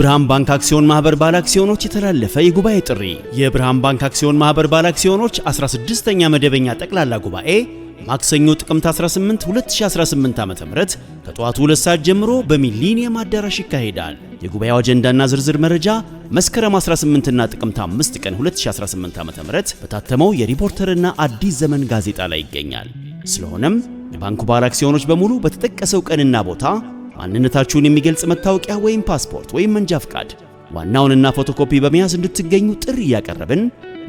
የብርሃን ባንክ አክሲዮን ማህበር ባለ አክሲዮኖች የተላለፈ የጉባኤ ጥሪ የብርሃን ባንክ አክሲዮን ማህበር ባለ አክሲዮኖች 16ኛ መደበኛ ጠቅላላ ጉባኤ ማክሰኞ ጥቅምት 18 2018 ዓ.ም ከጠዋቱ 2 ሰዓት ጀምሮ በሚሊኒየም አዳራሽ ይካሄዳል። የጉባኤው አጀንዳና ዝርዝር መረጃ መስከረም 18ና ጥቅምት 5 ቀን 2018 ም በታተመው የሪፖርተርና አዲስ ዘመን ጋዜጣ ላይ ይገኛል። ስለሆነም የባንኩ ባለ አክሲዮኖች በሙሉ በተጠቀሰው ቀንና ቦታ ማንነታችሁን የሚገልጽ መታወቂያ ወይም ፓስፖርት ወይም መንጃ ፍቃድ ዋናውንና ፎቶኮፒ በመያዝ እንድትገኙ ጥሪ እያቀረብን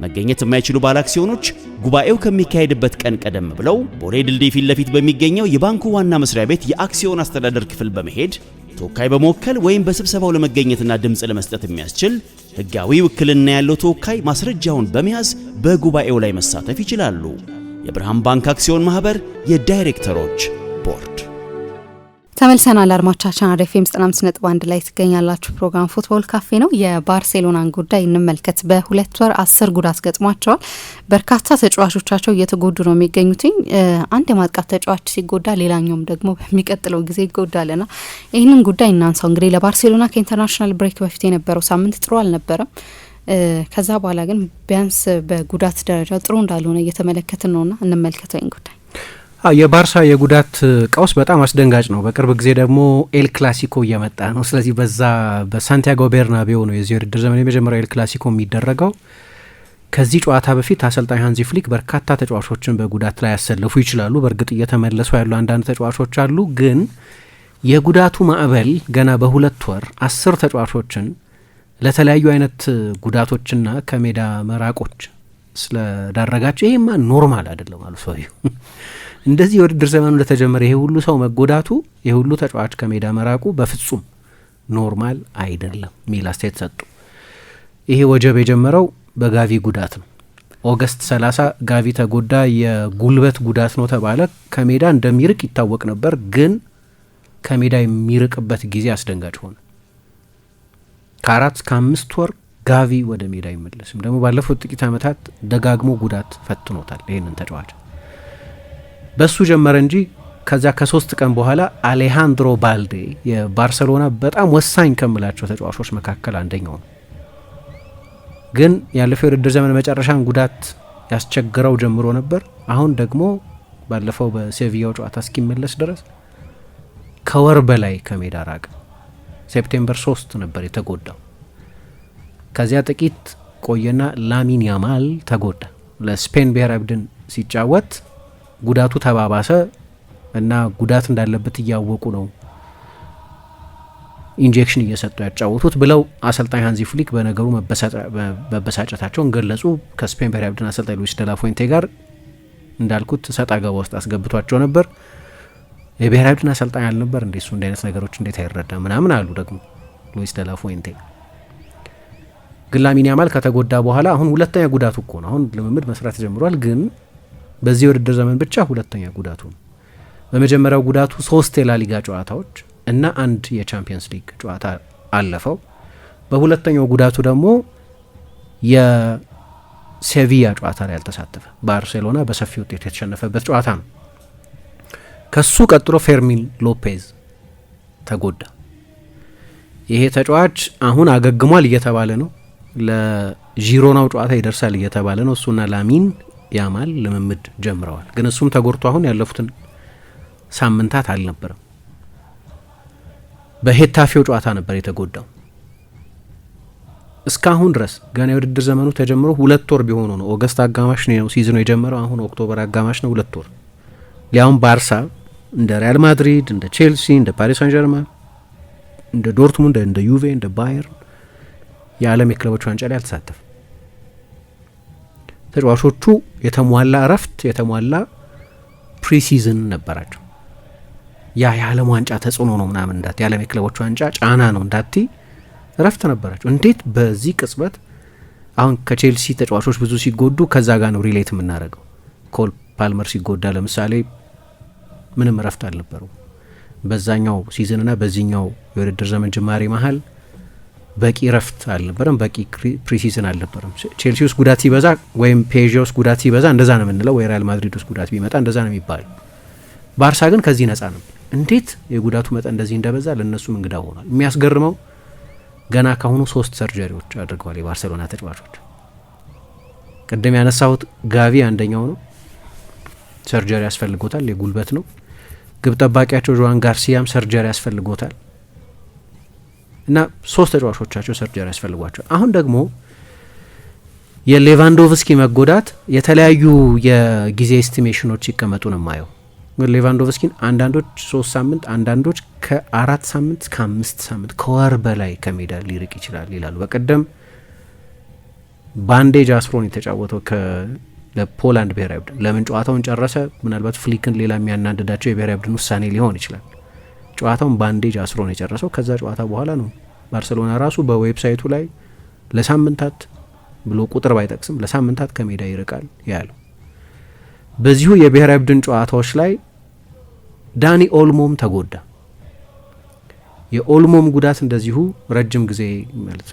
መገኘት የማይችሉ ባለአክሲዮኖች ጉባኤው ከሚካሄድበት ቀን ቀደም ብለው ቦሌ ድልድይ ፊት ለፊት በሚገኘው የባንኩ ዋና መስሪያ ቤት የአክሲዮን አስተዳደር ክፍል በመሄድ ተወካይ በመወከል ወይም በስብሰባው ለመገኘትና ድምፅ ለመስጠት የሚያስችል ሕጋዊ ውክልና ያለው ተወካይ ማስረጃውን በመያዝ በጉባኤው ላይ መሳተፍ ይችላሉ። የብርሃን ባንክ አክሲዮን ማህበር የዳይሬክተሮች ቦርድ ተመልሰናል አድማጮቻችን፣ አራዳ ኤፍ ኤም ዘጠና አምስት ነጥብ አንድ ላይ ትገኛላችሁ። ፕሮግራም ፉትቦል ካፌ ነው። የባርሴሎናን ጉዳይ እንመልከት። በሁለት ወር አስር ጉዳት ገጥሟቸዋል። በርካታ ተጫዋቾቻቸው እየተጎዱ ነው የሚገኙትኝ። አንድ የማጥቃት ተጫዋች ሲጎዳ፣ ሌላኛውም ደግሞ በሚቀጥለው ጊዜ ይጎዳልና ይህንን ጉዳይ እናንሳው። እንግዲህ ለባርሴሎና ከኢንተርናሽናል ብሬክ በፊት የነበረው ሳምንት ጥሩ አልነበረም። ከዛ በኋላ ግን ቢያንስ በጉዳት ደረጃ ጥሩ እንዳልሆነ እየተመለከትን ነውና እንመልከተው ይህን ጉዳይ የባርሳ የጉዳት ቀውስ በጣም አስደንጋጭ ነው። በቅርብ ጊዜ ደግሞ ኤል ክላሲኮ እየመጣ ነው። ስለዚህ በዛ በሳንቲያጎ ቤርናቤው ነው የዚህ ውድድር ዘመን የመጀመሪያው ኤል ክላሲኮ የሚደረገው። ከዚህ ጨዋታ በፊት አሰልጣኝ ሀንዚ ፍሊክ በርካታ ተጫዋቾችን በጉዳት ላይ ያሰለፉ ይችላሉ። በእርግጥ እየተመለሱ ያሉ አንዳንድ ተጫዋቾች አሉ። ግን የጉዳቱ ማዕበል ገና በሁለት ወር አስር ተጫዋቾችን ለተለያዩ አይነት ጉዳቶችና ከሜዳ መራቆች ስለዳረጋቸው ይሄማ ኖርማል አይደለም አሉ ሰውዬው እንደዚህ የውድድር ዘመኑ እንደተጀመረ ይሄ ሁሉ ሰው መጎዳቱ፣ ይሄ ሁሉ ተጫዋች ከሜዳ መራቁ በፍጹም ኖርማል አይደለም የሚል አስተያየት ሰጡ። ይሄ ወጀብ የጀመረው በጋቪ ጉዳት ነው። ኦገስት 30 ጋቪ ተጎዳ፣ የጉልበት ጉዳት ነው ተባለ። ከሜዳ እንደሚርቅ ይታወቅ ነበር፣ ግን ከሜዳ የሚርቅበት ጊዜ አስደንጋጭ ሆነ። ከአራት እስከ አምስት ወር ጋቪ ወደ ሜዳ አይመለስም። ደግሞ ባለፉት ጥቂት ዓመታት ደጋግሞ ጉዳት ፈትኖታል ይህንን ተጫዋች በሱ ጀመረ እንጂ ከዚያ ከሶስት ቀን በኋላ አሌሃንድሮ ባልዴ የባርሰሎና በጣም ወሳኝ ከምላቸው ተጫዋቾች መካከል አንደኛው ነው። ግን ያለፈው የውድድር ዘመን መጨረሻን ጉዳት ያስቸግረው ጀምሮ ነበር። አሁን ደግሞ ባለፈው በሴቪያው ጨዋታ እስኪመለስ ድረስ ከወር በላይ ከሜዳ ራቀ። ሴፕቴምበር ሶስት ነበር የተጎዳው። ከዚያ ጥቂት ቆየና ላሚን ያማል ተጎዳ። ለስፔን ብሔራዊ ቡድን ሲጫወት ጉዳቱ ተባባሰ እና ጉዳት እንዳለበት እያወቁ ነው ኢንጀክሽን እየሰጡ ያጫወቱት ብለው አሰልጣኝ ሀንዚ ፍሊክ በነገሩ መበሳጨታቸውን ገለጹ። ከስፔን ብሔራዊ ቡድን አሰልጣኝ ሉዊስ ደላፎንቴ ጋር እንዳልኩት ሰጥ አገባ ውስጥ አስገብቷቸው ነበር። የብሔራዊ ቡድን አሰልጣኝ አልነበር እንዴ? እሱ እንዲህ አይነት ነገሮች እንዴት አይረዳ ምናምን አሉ። ደግሞ ሉዊስ ደላፎንቴ። ግን ላሚን ያማል ከተጎዳ በኋላ አሁን ሁለተኛ ጉዳቱ እኮ ነው። አሁን ልምምድ መስራት ጀምሯል ግን በዚህ የውድድር ዘመን ብቻ ሁለተኛ ጉዳቱ ነው። በመጀመሪያው ጉዳቱ ሶስት የላሊጋ ጨዋታዎች እና አንድ የቻምፒየንስ ሊግ ጨዋታ አለፈው። በሁለተኛው ጉዳቱ ደግሞ የሴቪያ ጨዋታ ላይ ያልተሳተፈ ባርሴሎና በሰፊ ውጤት የተሸነፈበት ጨዋታ ነው። ከሱ ቀጥሎ ፌርሚን ሎፔዝ ተጎዳ። ይሄ ተጫዋች አሁን አገግሟል እየተባለ ነው። ለዢሮናው ጨዋታ ይደርሳል እየተባለ ነው። እሱና ላሚን ያማል ልምምድ ጀምረዋል። ግን እሱም ተጎድቶ አሁን ያለፉትን ሳምንታት አልነበረም። በሄታፌው ጨዋታ ነበር የተጎዳው። እስካሁን ድረስ ገና የውድድር ዘመኑ ተጀምሮ ሁለት ወር ቢሆኑ ነው። ኦገስት አጋማሽ ነው ሲዝኑ የጀመረው። አሁን ኦክቶበር አጋማሽ ነው። ሁለት ወር ሊያውም ባርሳ እንደ ሪያል ማድሪድ፣ እንደ ቼልሲ፣ እንደ ፓሪስ ሳን ጀርማን፣ እንደ ዶርትሙንድ፣ እንደ ዩቬ፣ እንደ ባየር የዓለም የክለቦች ዋንጫ ላይ አልተሳተፈም። ተጫዋቾቹ የተሟላ እረፍት የተሟላ ፕሪሲዝን ነበራቸው። ያ የዓለም ዋንጫ ተጽዕኖ ነው ምናምን እንዳት የዓለም የክለቦች ዋንጫ ጫና ነው እንዳት እረፍት ነበራቸው። እንዴት በዚህ ቅጽበት አሁን ከቼልሲ ተጫዋቾች ብዙ ሲጎዱ ከዛ ጋር ነው ሪሌት የምናደርገው። ኮል ፓልመር ሲጎዳ ለምሳሌ ምንም እረፍት አልነበረው። በዛኛው ሲዝንና በዚህኛው የውድድር ዘመን ጅማሬ መሀል በቂ ረፍት አልነበረም፣ በቂ ፕሪሲዝን አልነበረም። ቼልሲ ውስጥ ጉዳት ሲበዛ ወይም ፔዥ ውስጥ ጉዳት ሲበዛ እንደዛ ነው የምንለው፣ ወይ ሪያል ማድሪድ ውስጥ ጉዳት ቢመጣ እንደዛ ነው የሚባለው። ባርሳ ግን ከዚህ ነጻ ነው። እንዴት የጉዳቱ መጠን እንደዚህ እንደበዛ ለእነሱም እንግዳ ሆኗል። የሚያስገርመው ገና ካሁኑ ሶስት ሰርጀሪዎች አድርገዋል የባርሴሎና ተጫዋቾች። ቅድም ያነሳሁት ጋቪ አንደኛው ነው፣ ሰርጀሪ ያስፈልጎታል፣ የጉልበት ነው። ግብ ጠባቂያቸው ጆዋን ጋርሲያም ሰርጀሪ ያስፈልጎታል። እና ሶስት ተጫዋቾቻቸው ሰርጀሪ ያስፈልጓቸው። አሁን ደግሞ የሌቫንዶቭስኪ መጎዳት የተለያዩ የጊዜ ኤስቲሜሽኖች ሲቀመጡ ነው ማየው። ሌቫንዶቭስኪን አንዳንዶች ሶስት ሳምንት፣ አንዳንዶች ከአራት ሳምንት ከአምስት ሳምንት ከወር በላይ ከሜዳ ሊርቅ ይችላል ይላሉ። በቀደም ባንዴጅ አስሮን የተጫወተው ለፖላንድ ብሔራዊ ቡድን ለምን ጨዋታውን ጨረሰ? ምናልባት ፍሊክን ሌላ የሚያናድዳቸው የብሔራዊ ቡድን ውሳኔ ሊሆን ይችላል። ጨዋታውን ባንዴጅ አስሮ ነው የጨረሰው። ከዛ ጨዋታ በኋላ ነው ባርሰሎና ራሱ በዌብሳይቱ ላይ ለሳምንታት ብሎ ቁጥር ባይጠቅስም ለሳምንታት ከሜዳ ይርቃል ያለው። በዚሁ የብሔራዊ ቡድን ጨዋታዎች ላይ ዳኒ ኦልሞም ተጎዳ። የኦልሞም ጉዳት እንደዚሁ ረጅም ጊዜ ማለት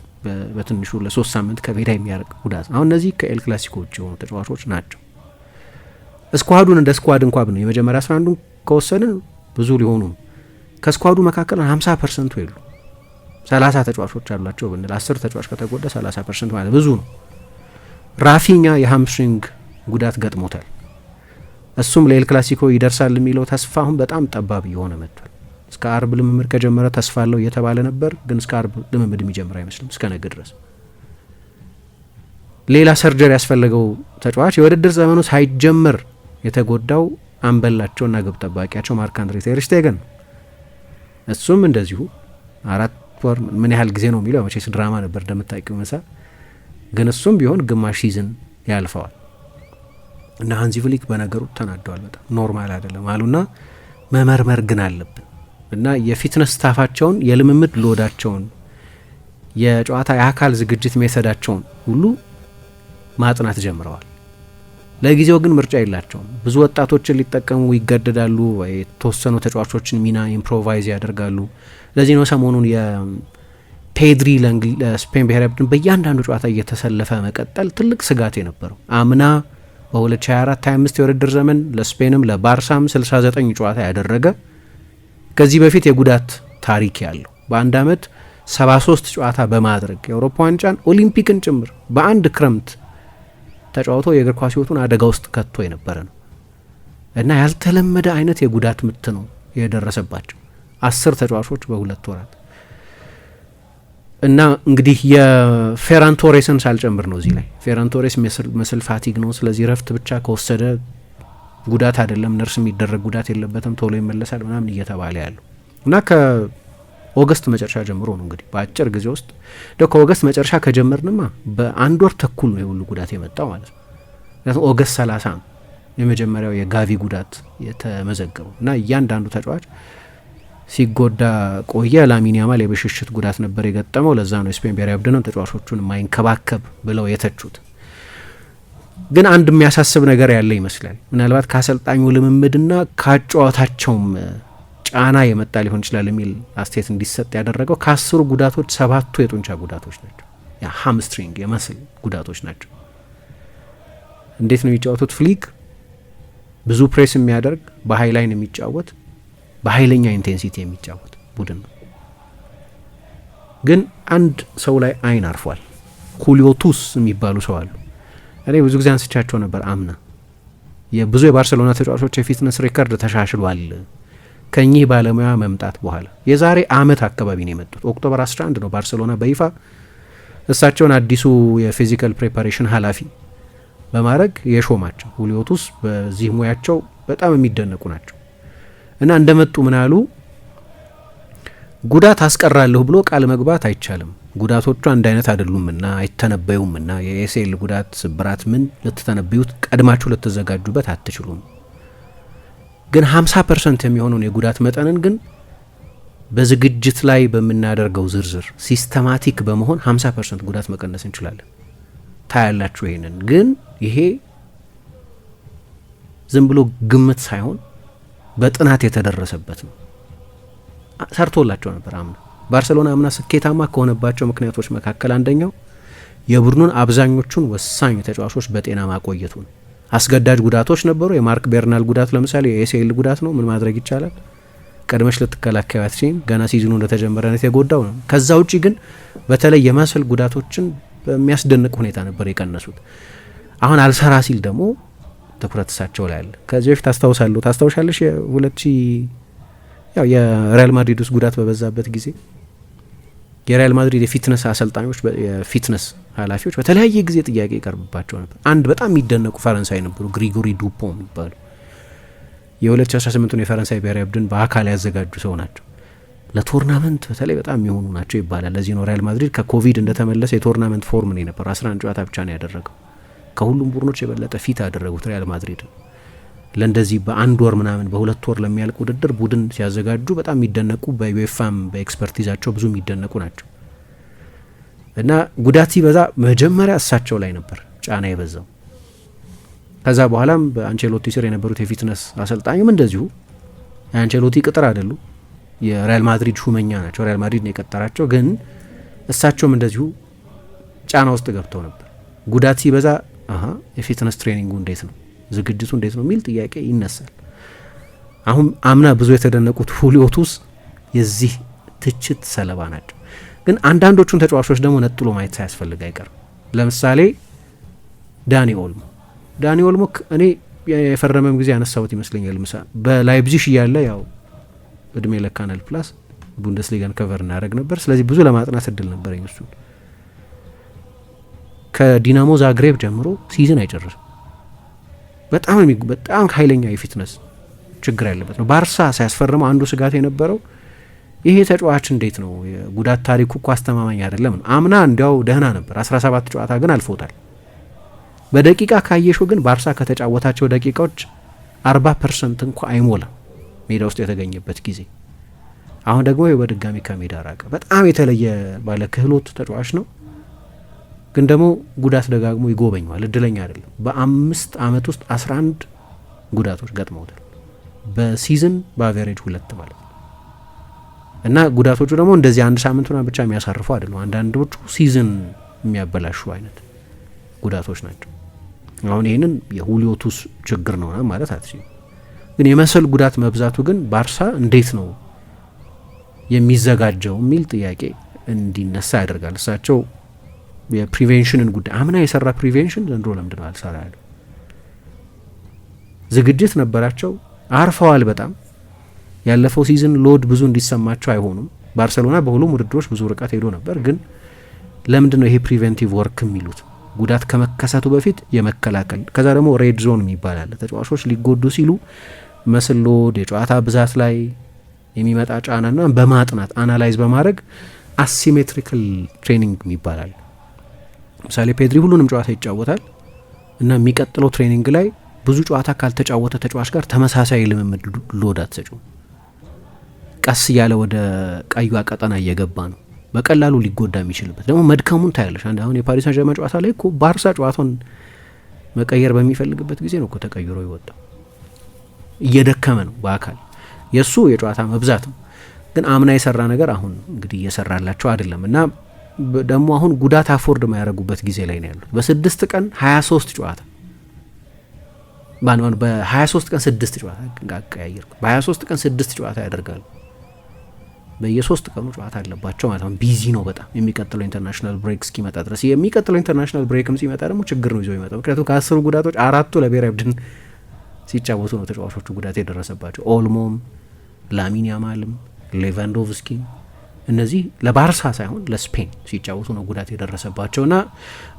በትንሹ ለሶስት ሳምንት ከሜዳ የሚያርቅ ጉዳት አሁን እነዚህ ከኤል ክላሲኮዎች የሆኑ ተጫዋቾች ናቸው። እስኳዱን እንደ ስኳድ እንኳ ብነው የመጀመሪያ አስራ አንዱን ከወሰንን ብዙ ሊሆኑ ከስኳዱ መካከል 50 ፐርሰንቱ የሉ 30 ተጫዋቾች አሏቸው ብንል 10 ተጫዋች ከተጎዳ 30 ፐርሰንት ማለት ብዙ ነው። ራፊኛ የሃምስትሪንግ ጉዳት ገጥሞታል። እሱም ለኤል ክላሲኮ ይደርሳል የሚለው ተስፋ አሁን በጣም ጠባብ እየሆነ መጥቷል። እስከ አርብ ልምምድ ከጀመረ ተስፋ አለው እየተባለ ነበር፣ ግን እስከ አርብ ልምምድ የሚጀምር አይመስልም እስከ ነገ ድረስ። ሌላ ሰርጀሪ ያስፈለገው ተጫዋች የውድድር ዘመኑ ሳይጀምር የተጎዳው አንበላቸውና ግብ ጠባቂያቸው ማርክ አንድሬ ቴርሽቴገን ነው። እሱም እንደዚሁ አራት ወር ምን ያህል ጊዜ ነው የሚለው መቼስ ድራማ ነበር እንደምታውቂው መሳ ግን እሱም ቢሆን ግማሽ ሲዝን ያልፈዋል እና ሃንዚ ፍሊክ በነገሩ ተናደዋል። በጣም ኖርማል አይደለም አሉና መመርመር ግን አለብን እና የፊትነስ ስታፋቸውን የልምምድ ሎዳቸውን የጨዋታ የአካል ዝግጅት ሜሰዳቸውን ሁሉ ማጥናት ጀምረዋል። ለጊዜው ግን ምርጫ የላቸውም። ብዙ ወጣቶችን ሊጠቀሙ ይገደዳሉ። የተወሰኑ ተጫዋቾችን ሚና ኢምፕሮቫይዝ ያደርጋሉ። ለዚህ ነው ሰሞኑን የፔድሪ ለስፔን ብሔራዊ ቡድን በእያንዳንዱ ጨዋታ እየተሰለፈ መቀጠል ትልቅ ስጋት የነበረው አምና በ2024/25 የውድድር ዘመን ለስፔንም ለባርሳም 69 ጨዋታ ያደረገ ከዚህ በፊት የጉዳት ታሪክ ያለው በአንድ ዓመት 73 ጨዋታ በማድረግ የአውሮፓ ዋንጫን ኦሊምፒክን ጭምር በአንድ ክረምት ተጫውቶ የእግር ኳስ ህይወቱን አደጋ ውስጥ ከቶ የነበረ ነው እና ያልተለመደ አይነት የጉዳት ምት ነው የደረሰባቸው አስር ተጫዋቾች በሁለት ወራት እና እንግዲህ የፌራን ቶሬስን ሳልጨምር ነው እዚህ ላይ ፌራን ቶሬስ መስል ፋቲግ ነው። ስለዚህ ረፍት ብቻ ከወሰደ ጉዳት አይደለም፣ ነርስ የሚደረግ ጉዳት የለበትም፣ ቶሎ ይመለሳል ምናምን እየተባለ ያለው እና ኦገስት መጨረሻ ጀምሮ ነው እንግዲህ በአጭር ጊዜ ውስጥ ደ ከኦገስት መጨረሻ ከጀመርንማ በአንድ ወር ተኩል ነው የሁሉ ጉዳት የመጣው ማለት ነው። ምክንያቱም ኦገስት ሰላሳ ነው የመጀመሪያው የጋቪ ጉዳት የተመዘገበው እና እያንዳንዱ ተጫዋች ሲጎዳ ቆየ። ላሚን ያማል የብሽሽት ጉዳት ነበር የገጠመው። ለዛ ነው የስፔን ብሔራዊ ቡድንም ተጫዋቾቹን የማይንከባከብ ብለው የተቹት። ግን አንድ የሚያሳስብ ነገር ያለ ይመስላል። ምናልባት ከአሰልጣኙ ልምምድና ከአጨዋወታቸውም ጫና የመጣ ሊሆን ይችላል የሚል አስተያየት እንዲሰጥ ያደረገው ከአስሩ ጉዳቶች ሰባቱ የጡንቻ ጉዳቶች ናቸው። ሃምስትሪንግ የመስል ጉዳቶች ናቸው። እንዴት ነው የሚጫወቱት? ፍሊክ ብዙ ፕሬስ የሚያደርግ በሀይ ላይን የሚጫወት በሀይለኛ ኢንቴንሲቲ የሚጫወት ቡድን ነው። ግን አንድ ሰው ላይ አይን አርፏል። ሁሊዮቱስ የሚባሉ ሰው አሉ። እኔ ብዙ ጊዜ አንስቻቸው ነበር። አምና የብዙ የባርሴሎና ተጫዋቾች የፊትነስ ሬከርድ ተሻሽሏል ከኚህ ባለሙያ መምጣት በኋላ የዛሬ አመት አካባቢ ነው የመጡት። ኦክቶበር 11 ነው ባርሴሎና በይፋ እሳቸውን አዲሱ የፊዚካል ፕሬፓሬሽን ኃላፊ በማድረግ የሾማቸው። ሁሊዮቱስ በዚህ ሙያቸው በጣም የሚደነቁ ናቸው እና እንደመጡ ምናሉ ጉዳት አስቀራለሁ ብሎ ቃል መግባት አይቻልም። ጉዳቶቹ አንድ አይነት አይደሉምና አይተነበዩምና የኤስኤል ጉዳት፣ ስብራት ምን ልትተነብዩት ቀድማችሁ ልትዘጋጁበት አትችሉም ግን 50 ፐርሰንት የሚሆነውን የጉዳት መጠንን ግን በዝግጅት ላይ በምናደርገው ዝርዝር ሲስተማቲክ በመሆን 50 ፐርሰንት ጉዳት መቀነስ እንችላለን። ታያላችሁ። ይሄንን ግን ይሄ ዝም ብሎ ግምት ሳይሆን በጥናት የተደረሰበት ነው። ሰርቶላቸው ነበር አምና። ባርሴሎና አምና ስኬታማ ከሆነባቸው ምክንያቶች መካከል አንደኛው የቡድኑን አብዛኞቹን ወሳኝ ተጫዋቾች በጤና ማቆየቱ ነው። አስገዳጅ ጉዳቶች ነበሩ። የማርክ ቤርናል ጉዳት ለምሳሌ የኤሲኤል ጉዳት ነው። ምን ማድረግ ይቻላል? ቀድመሽ ልትከላከያት አትችይም። ገና ሲዝኑ እንደተጀመረነት የጎዳው ነው። ከዛ ውጪ ግን በተለይ የመሰል ጉዳቶችን በሚያስደንቅ ሁኔታ ነበር የቀነሱት። አሁን አልሰራ ሲል ደግሞ ትኩረት እሳቸው ላይ አለ። ከዚህ በፊት አስታውሳለሁ ታስታውሻለሽ? የሁለት ያው የሪያል ማድሪድ ውስጥ ጉዳት በበዛበት ጊዜ የሪያል ማድሪድ የፊትነስ አሰልጣኞች የፊትነስ ኃላፊዎች በተለያየ ጊዜ ጥያቄ ይቀርብባቸው ነበር። አንድ በጣም የሚደነቁ ፈረንሳይ ነበሩ፣ ግሪጎሪ ዱፖ የሚባሉ የ2018ቱን የፈረንሳይ ብሔራዊ ቡድን በአካል ያዘጋጁ ሰው ናቸው። ለቶርናመንት በተለይ በጣም የሚሆኑ ናቸው ይባላል። ለዚህ ነው ሪያል ማድሪድ ከኮቪድ እንደተመለሰ የቶርናመንት ፎርም ነው የነበረው። 11 ጨዋታ ብቻ ነው ያደረገው። ከሁሉም ቡድኖች የበለጠ ፊት ያደረጉት ሪያል ማድሪድ ለእንደዚህ በአንድ ወር ምናምን በሁለት ወር ለሚያልቅ ውድድር ቡድን ሲያዘጋጁ በጣም የሚደነቁ በዩኤፋም በኤክስፐርቲዛቸው ብዙ የሚደነቁ ናቸው እና ጉዳት ሲበዛ መጀመሪያ እሳቸው ላይ ነበር ጫና የበዛው። ከዛ በኋላም በአንቸሎቲ ስር የነበሩት የፊትነስ አሰልጣኝም እንደዚሁ የአንቸሎቲ ቅጥር አይደሉ፣ የሪያል ማድሪድ ሹመኛ ናቸው። ሪያል ማድሪድ ነው የቀጠራቸው። ግን እሳቸውም እንደዚሁ ጫና ውስጥ ገብተው ነበር። ጉዳት ሲበዛ የፊትነስ ትሬኒንጉ እንዴት ነው ዝግጅቱ እንዴት ነው የሚል ጥያቄ ይነሳል። አሁን አምና ብዙ የተደነቁት ሁሊዮቱስ የዚህ ትችት ሰለባ ናቸው። ግን አንዳንዶቹን ተጫዋቾች ደግሞ ነጥሎ ማየት ሳያስፈልግ አይቀርም። ለምሳሌ ዳኒ ኦልሞ ዳኒ ኦልሞ እኔ የፈረመም ጊዜ ያነሳሁት ይመስለኛል። ምሳ በላይፕዚሽ እያለ ያው እድሜ ለካናል ፕላስ ቡንደስሊጋን ከቨር እናደረግ ነበር። ስለዚህ ብዙ ለማጥናት እድል ነበረኝ። እሱን ከዲናሞ ዛግሬብ ጀምሮ ሲዝን አይጨርስም በጣም በጣም ኃይለኛ የፊትነስ ችግር ያለበት ነው። ባርሳ ሲያስፈርመው አንዱ ስጋት የነበረው ይሄ ተጫዋች እንዴት ነው የጉዳት ታሪኩ እኮ አስተማማኝ አይደለም ነው። አምና እንዲያው ደህና ነበር፣ 17 ጨዋታ ግን አልፎታል። በደቂቃ ካየሹ ግን ባርሳ ከተጫወታቸው ደቂቃዎች 40 ፐርሰንት እንኳ አይሞላም ሜዳ ውስጥ የተገኘበት ጊዜ። አሁን ደግሞ በድጋሚ ከሜዳ ራቀ። በጣም የተለየ ባለ ክህሎት ተጫዋች ነው። ግን ደግሞ ጉዳት ደጋግሞ ይጎበኘዋል። እድለኛ አይደለም። በአምስት አመት ውስጥ 11 ጉዳቶች ገጥመውታል። በሲዝን በአቨሬጅ ሁለት ማለት ነው። እና ጉዳቶቹ ደግሞ እንደዚህ አንድ ሳምንት ና ብቻ የሚያሳርፉ አይደሉም። አንዳንዶቹ ሲዝን የሚያበላሹ አይነት ጉዳቶች ናቸው። አሁን ይህንን የሁሊዮቱስ ችግር ነው ማለት አት ግን የመሰል ጉዳት መብዛቱ ግን ባርሳ እንዴት ነው የሚዘጋጀው የሚል ጥያቄ እንዲነሳ ያደርጋል። እሳቸው የፕሪቬንሽንን ጉዳይ አምና የሰራ ፕሪቬንሽን ዘንድሮ ለምንድነው አልሰራ ያለው? ዝግጅት ነበራቸው፣ አርፈዋል። በጣም ያለፈው ሲዝን ሎድ ብዙ እንዲሰማቸው አይሆኑም። ባርሰሎና በሁሉም ውድድሮች ብዙ ርቀት ሄዶ ነበር፣ ግን ለምንድን ነው ይሄ ፕሪቨንቲቭ ወርክ የሚሉት? ጉዳት ከመከሰቱ በፊት የመከላከል ከዛ ደግሞ ሬድ ዞን የሚባል አለ። ተጫዋቾች ሊጎዱ ሲሉ መስል ሎድ፣ የጨዋታ ብዛት ላይ የሚመጣ ጫናና በማጥናት አናላይዝ በማድረግ አሲሜትሪካል ትሬኒንግ የሚባል አለ። ምሳሌ ፔድሪ ሁሉንም ጨዋታ ይጫወታል እና የሚቀጥለው ትሬኒንግ ላይ ብዙ ጨዋታ ካልተጫወተ ተጫዋች ጋር ተመሳሳይ ልምምድ ሎድ አትሰጪው። ቀስ እያለ ወደ ቀዩ ቀጠና እየገባ ነው በቀላሉ ሊጎዳ የሚችልበት ደግሞ መድከሙን ታያለች አንድ አሁን የፓሪስ አንጀርማ ጨዋታ ላይ እኮ ባርሳ ጨዋታውን መቀየር በሚፈልግበት ጊዜ ነው እኮ ተቀይሮ ይወጣ። እየደከመ ነው በአካል የእሱ የጨዋታ መብዛት ነው። ግን አምና የሰራ ነገር አሁን እንግዲህ እየሰራላቸው አይደለም እና ደግሞ አሁን ጉዳት አፎርድ የማያደርጉበት ጊዜ ላይ ነው ያሉት። በስድስት ቀን ሀያ ሶስት ጨዋታ በሀያ ሶስት ቀን ስድስት ጨዋታ አቀያየር በሀያ ሶስት ቀን ስድስት ጨዋታ ያደርጋሉ። በየሶስት ቀኑ ጨዋታ አለባቸው ማለት ነው። ቢዚ ነው በጣም የሚቀጥለው ኢንተርናሽናል ብሬክ እስኪመጣ ድረስ። የሚቀጥለው ኢንተርናሽናል ብሬክም ሲመጣ ደግሞ ችግር ነው ይዘው ይመጣ። ምክንያቱም ከአስሩ ጉዳቶች አራቱ ለብሔራዊ ቡድን ሲጫወቱ ነው ተጫዋቾቹ ጉዳት የደረሰባቸው። ኦልሞም፣ ላሚን ያማልም፣ ሌቫንዶቭስኪም እነዚህ ለባርሳ ሳይሆን ለስፔን ሲጫወቱ ነው ጉዳት የደረሰባቸውና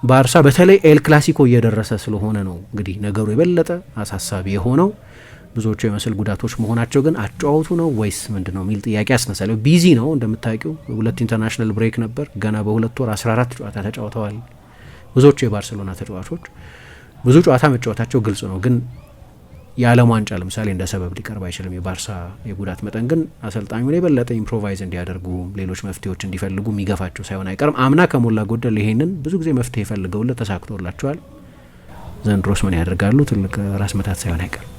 ባርሳ በተለይ ኤል ክላሲኮ እየደረሰ ስለሆነ ነው እንግዲህ ነገሩ የበለጠ አሳሳቢ የሆነው። ብዙዎቹ የመስል ጉዳቶች መሆናቸው ግን አጫወቱ ነው ወይስ ምንድን ነው የሚል ጥያቄ ያስነሳል። ቢዚ ነው እንደምታውቂው፣ ሁለት ኢንተርናሽናል ብሬክ ነበር። ገና በሁለት ወር 14 ጨዋታ ተጫውተዋል። ብዙዎቹ የባርሴሎና ተጫዋቾች ብዙ ጨዋታ መጫወታቸው ግልጽ ነው፣ ግን የዓለም ዋንጫ ለምሳሌ እንደ ሰበብ ሊቀርብ አይችልም። የባርሳ የጉዳት መጠን ግን አሰልጣኙን የበለጠ ኢምፕሮቫይዝ እንዲያደርጉ ሌሎች መፍትሄዎች እንዲፈልጉ የሚገፋቸው ሳይሆን አይቀርም። አምና ከሞላ ጎደል ይሄንን ብዙ ጊዜ መፍትሄ ፈልገውለት ተሳክቶላቸዋል። ዘንድሮስ ምን ያደርጋሉ? ትልቅ ራስ መታት ሳይሆን አይቀርም።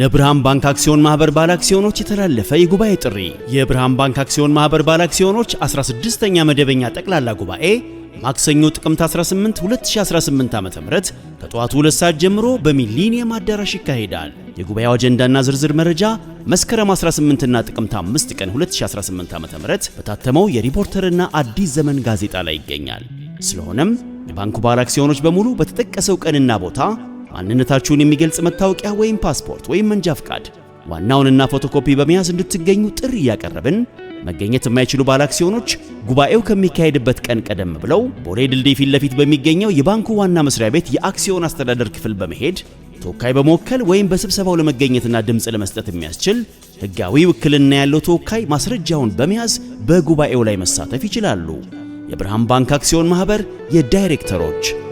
ለብርሃን ባንክ አክሲዮን ማህበር ባለ አክሲዮኖች የተላለፈ የጉባኤ ጥሪ የብርሃን ባንክ አክሲዮን ማህበር ባለ አክሲዮኖች 16ኛ መደበኛ ጠቅላላ ጉባኤ ማክሰኞ ጥቅምት 18 2018 ዓ.ም ከጠዋቱ ሁለት ሰዓት ጀምሮ በሚሊኒየም አዳራሽ ይካሄዳል። የጉባኤው አጀንዳና ዝርዝር መረጃ መስከረም 18ና ጥቅምት 5 ቀን 2018 ዓ.ም በታተመው የሪፖርተርና አዲስ ዘመን ጋዜጣ ላይ ይገኛል። ስለሆነም የባንኩ ባለ አክሲዮኖች በሙሉ በተጠቀሰው ቀንና ቦታ ማንነታችሁን የሚገልጽ መታወቂያ ወይም ፓስፖርት ወይም መንጃ ፍቃድ ዋናውንና ፎቶኮፒ በመያዝ እንድትገኙ ጥሪ እያቀረብን መገኘት የማይችሉ ባለ አክሲዮኖች ጉባኤው ከሚካሄድበት ቀን ቀደም ብለው ቦሌ ድልድይ ፊት ለፊት በሚገኘው የባንኩ ዋና መስሪያ ቤት የአክሲዮን አስተዳደር ክፍል በመሄድ ተወካይ በመወከል ወይም በስብሰባው ለመገኘትና ድምፅ ለመስጠት የሚያስችል ሕጋዊ ውክልና ያለው ተወካይ ማስረጃውን በመያዝ በጉባኤው ላይ መሳተፍ ይችላሉ። የብርሃን ባንክ አክሲዮን ማህበር የዳይሬክተሮች